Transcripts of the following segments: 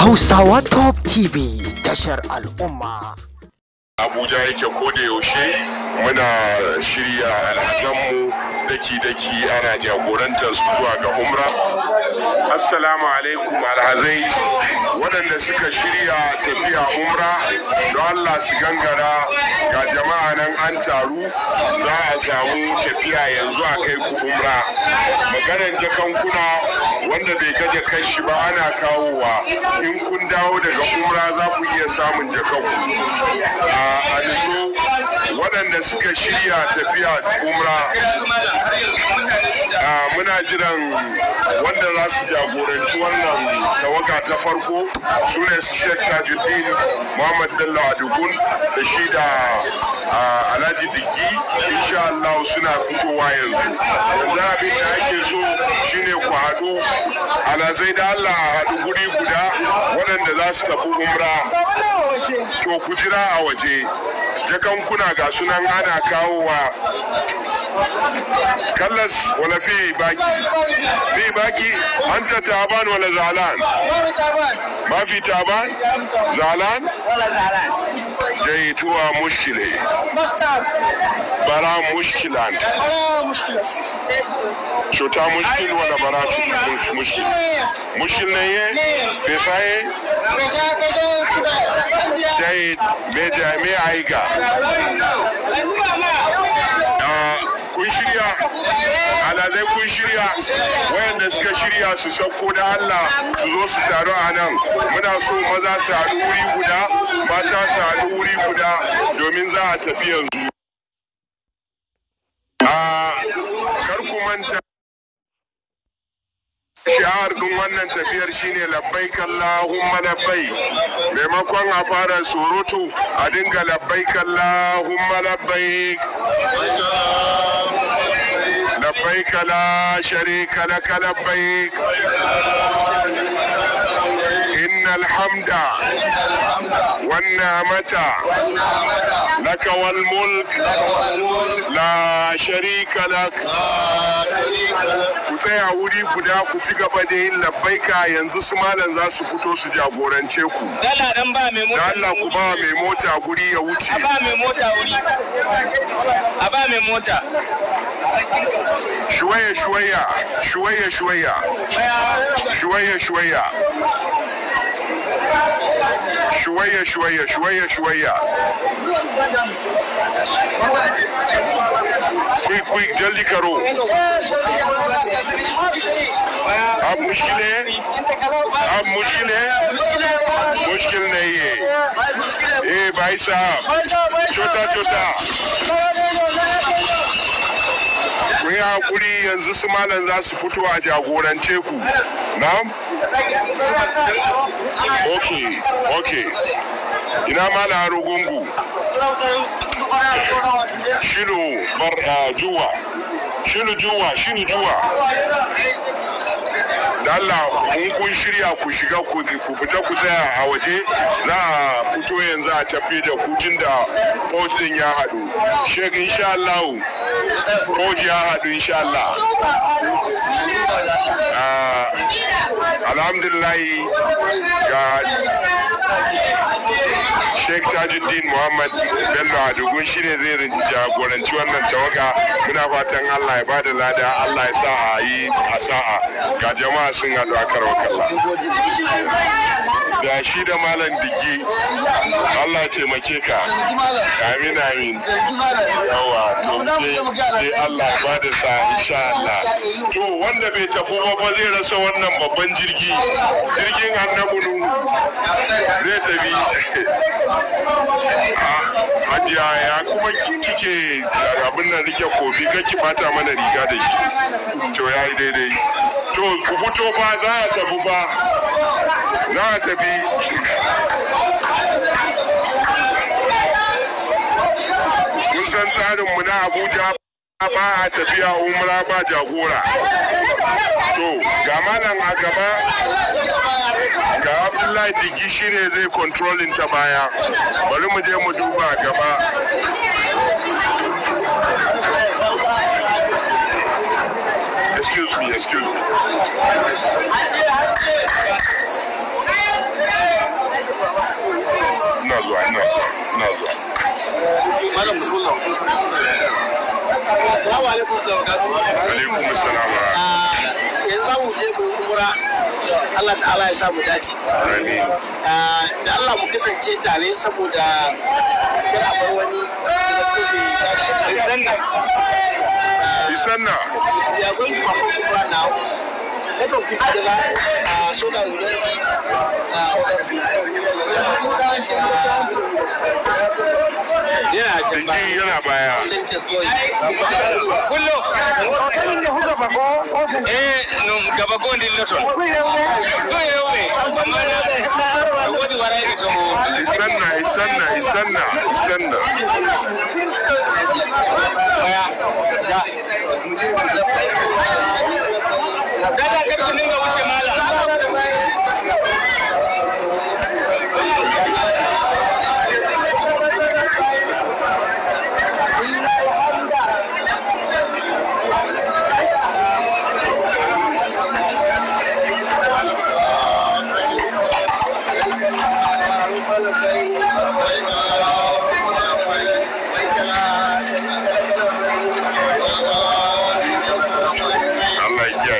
Hausawa Top TV tashar al'umma. Abuja yake ko da yaushe muna shirya alhazanmu daki-daki ana jagorantar su zuwa ga umra. assalamu alaikum alhazai waɗanda suka shirya tafiya umra don allah su gangara ga jama'a nan an taru za a samu tafiya yanzu a kai ku umra maganar kuna, wanda bai ga kashi ba ana kawowa in kun dawo daga umra za ku iya samun jakanku a waɗanda suka shirya tafiya umra ah, muna jiran wanda za su jagoranci wannan tawaga ta farko su ne shek tajuddin muhammad bello adugun da shi da ah, alhaji digi insha Allah suna fitowa yanzu yanzu abin da ake so shine ku haɗu alazai da Allah haɗu guri guda waɗanda za su tafi umra to ku jira a waje jakankuna ga sunan ana kawowa kallas wala fi baki fi baki anta taban wala zalan ma fi taban zalan wala zalan zaituwa mushkile bara mushkila cuta mushkil wala bara cuta mushkil mushkil ne ye fesa ye zai me aiga zai kun shirya wayanda suka shirya su sauko da Allah su zo su taru a nan muna so maza su haɗu wuri guda mata su haɗu wuri guda domin za a tafi yanzu a karku manta shahar ɗin wannan tafiyar shine kalla Allahumma labbai maimakon a fara surutu a dinga labbai Allahumma labbai لبيك لا شريك لك لبيك إن الحمد والنعمة لك والملك لا شريك لك ku tsaya wuri guda ku ci gaba da yin labbaika yanzu su malam za su fito su jagorance ku dala dan ba mai mota dala ku ba mai mota guri ya wuce a ba mai mota wuri a ba mai mota شوية شوية شوية شوية شوية شوية شوية شوية شوية شوية quick quick जल्दी करो अब मुश्किल है अब मुश्किल है मुश्किल नहीं है ए भाई साहब छोटा छोटा ku yi haƙuri yanzu su malam za su fito a jagorance ku na? ok ok ina mala rugungu shilu bar eh, juwa shilu juwa shilu juwa Allah mun kun shirya ku shiga ku fita ku tsaya a waje za a fito yanzu a tafi da kutun da din ya haɗu Sheikh insha Allah ji ya haɗu insha Allah. alhamdulillah ga Sheikh Tajuddin Muhammad Bello Adugun shi ne zai jagoranci wannan tawaga muna fatan Allah ya bada lada Allah ya sa a yi a sa'a ga jama'a sun haɗu a karwakalla. Ga shi da malam digi Allah taimake ka amin amin yawa to dai Allah ba da sa insha Allah to wanda bai tafi ba ba zai rasa wannan babban jirgi jirgin annabu nu zai tafi ah, Hajiya ya kuma kike abin nan rike kofi kake bata mana riga da shi to yayi daidai to ku fito fa za a tafi ba za a tafi kusan tsarinmu na abuja ba a tafiya umra ba jagora to ga malam a gaba ga abdullahi digi shine zai kontrolin ta baya bari mu je mu duba a gaba malam bismillah assalamu alaikum da wakatu alaikum assalam yanzu za mu je mu Allah ta'ala ya samu dace ah, da Allah mu kasance tare saboda kar a bar wani Isanna. Isanna? Ya are going to adama a soka rudo a OSB. Yana can Yana baya. Kullo. da huga Guatemala.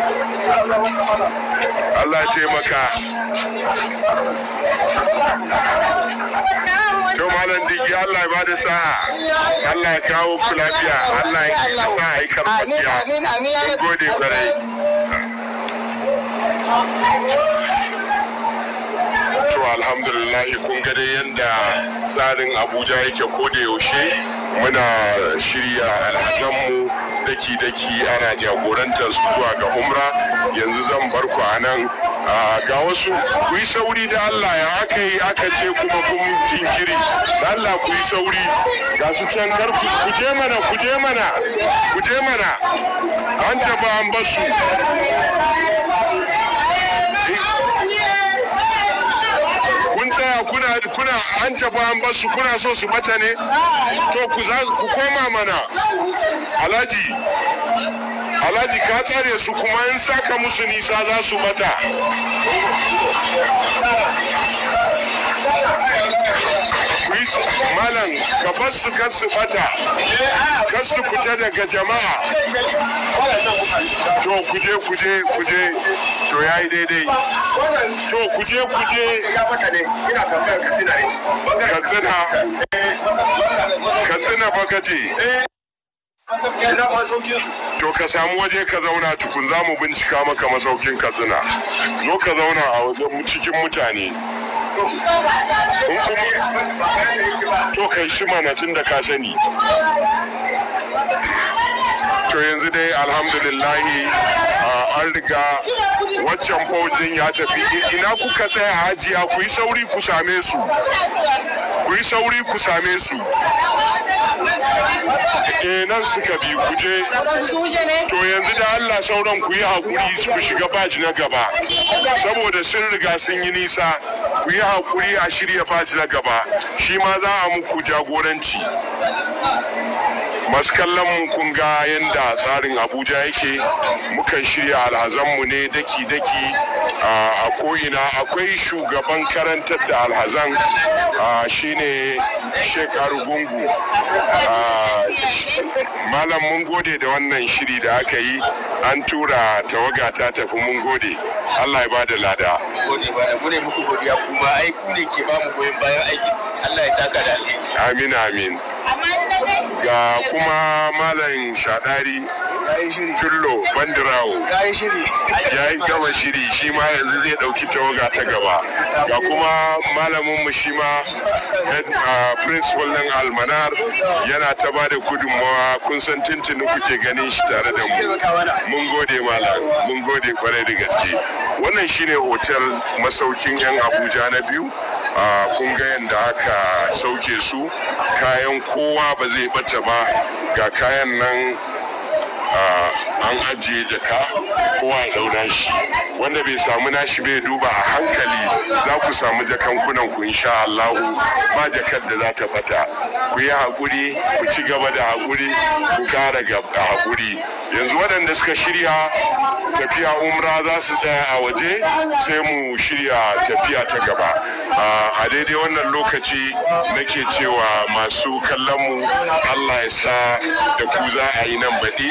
Allah taimaka to malam digi Allah ba da sa'a Allah ya kawo ku Allah ya sa a yi karfafiya mun gode kwarai to alhamdulillah kun ga dai yanda tsarin Abuja yake ko da yaushe muna shirya alhazanmu daki-daki ana jagorantar su zuwa ga umra yanzu zan bar ku a nan ga wasu ku yi sauri da Allah ya aka yi aka ce kuma kun jinkiri da Allah ku yi sauri ga su can kar ku je mana ku je mana ku je mana an taba an basu kun tsaya kuna kuna an taba an basu kuna so su bata ne to ku koma mana alhaji alhaji ka tsare su kuma in saka musu nisa za su bata malam ka bar su kar su bata kar su fita daga jama'a to kuje kuje kuje to ya yi daidai to kuje kuje katsina katsina baka ce To ka samu waje ka zauna tukun za mu bincika maka masaukin katsina. Zo ka zauna a wajen cikin mutane. To kai shi mana tun da ka sani. To yanzu dai alhamdulillahi an riga waccan faujin ya tafi ina kuka tsaya hajiya ku yi sauri ku same su. ku yi sauri ku same su eh nan suka bi ku je to yanzu da Allah sauran ku yi hakuri ku shiga baji na gaba saboda sun riga sun yi nisa ku yi hakuri a shirya baji na gaba shi ma za a muku jagoranci Masu kallon kun ga yadda tsarin abuja yake mukan shirya alhazanmu ne daki-daki a ko'ina akwai shugaban karantar da alhazan Shi ne shekaru gungu. malam mun gode da wannan shiri da aka yi an tura tawaga ta tafi mun gode allah ya ba da lada gode muku ya kuma aiki ne ke ba mu goyon bayan aiki. allah ya saka da amin amin ga kuma malam shadari yi shiri fillo bandirawo ya yi gama shiri shi ma yanzu zai dauki tawaga ta gaba ga kuma malamin mu shi ma ah, principal din almanar yana ta ba da gudunmawa kun san tintini kuke ganin shi tare da mu mun gode malam mun gode kwarai da gaske wannan shine hotel masaukin yan abuja na biyu a ah, kun ga yadda aka sauke su kayan kowa ba zai bata ba ga kayan nan an ajiye jaka kowa ya shi wanda bai samu nashi bai duba a hankali za ku samu jakankunan ku insha Allahu ba jakar da za ta fata ku yi hakuri ku ci gaba da hakuri ku kara haƙuri yanzu waɗanda suka shirya tafiya umra za su tsaya a waje sai mu shirya tafiya ta gaba a daidai wannan lokaci nake cewa masu kallonmu allah ya sa da ku za a yi nan baɗi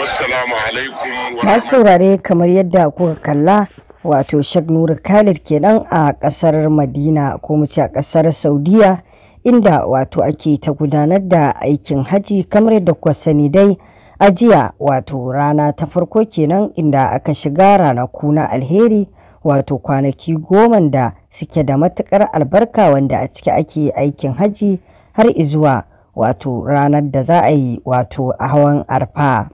wassalamu alaikum masu saurare kamar yadda kuka kalla wato shak khalid kenan a ƙasar madina ko mu ce a ƙasar saudiya inda wato ake ta gudanar da aikin hajji kamar yadda kuka sani dai A jiya wato rana ta farko kenan inda aka shiga ranaku na alheri wato kwanaki goma da suke da matukar albarka wanda a ciki ake aikin haji har izuwa wato ranar da za a yi wato a hawan arfa.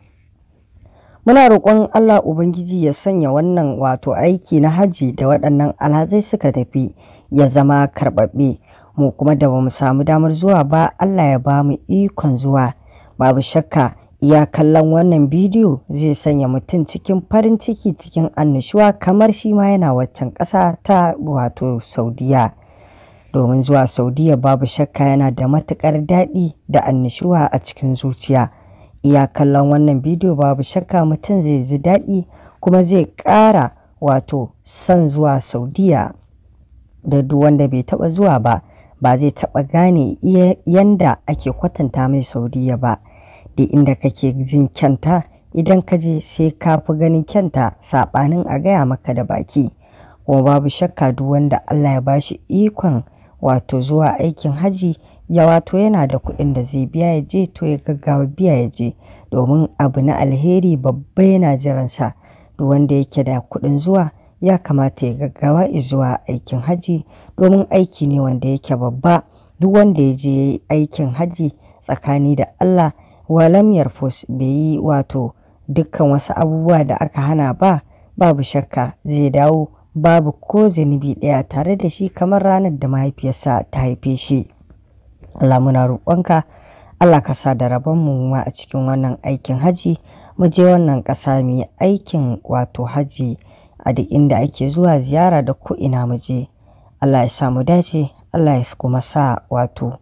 Muna roƙon Allah Ubangiji ya sanya wannan wato aiki na haji da waɗannan alhazai suka tafi ya zama karɓaɓɓe mu kuma da ba mu samu damar zuwa ba Allah ya ba mu ikon zuwa babu shakka. Iya kallon wannan bidiyo zai sanya mutum cikin farin ciki cikin annushuwa kamar shi ma yana waccan ƙasa ta wato Saudiya. Domin zuwa Saudiya babu shakka yana da matuƙar daɗi da annushuwa a cikin zuciya. Iya kallon wannan bidiyo babu shakka mutum zai ji daɗi kuma zai ƙara wato son zuwa Saudiya da duk wanda bai taɓa zuwa ba ba zai taɓa gane yanda ake kwatanta mai Saudiya ba. duk inda kake jin kyanta idan ka je sai ka fi ganin kyanta saɓanin a gaya maka da baki kuma babu shakka duk wanda Allah ya ba shi ikon wato zuwa aikin haji ya wato yana da kuɗin da zai biya ya je to ya gaggawa biya ya je domin abu na alheri babba yana jiransa duk wanda yake da kuɗin zuwa ya kamata ya gaggawa zuwa aikin haji domin aiki ne wanda yake babba duk wanda ya je aikin haji tsakani da Allah walam yarfus bai yi wato dukkan wasu abubuwa da aka hana ba babu shakka zai dawo babu ko zanibi ɗaya tare da shi kamar ranar da mahaifiyarsa ta haife shi Allah muna roƙonka Allah ka sa da rabon mu a cikin wannan aikin haji mu je wannan ƙasa mu aikin wato haji a duk inda ake zuwa ziyara da ko ina mu je Allah ya samu mu dace Allah ya kuma sa wato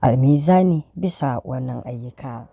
almizani bisa wannan ayyuka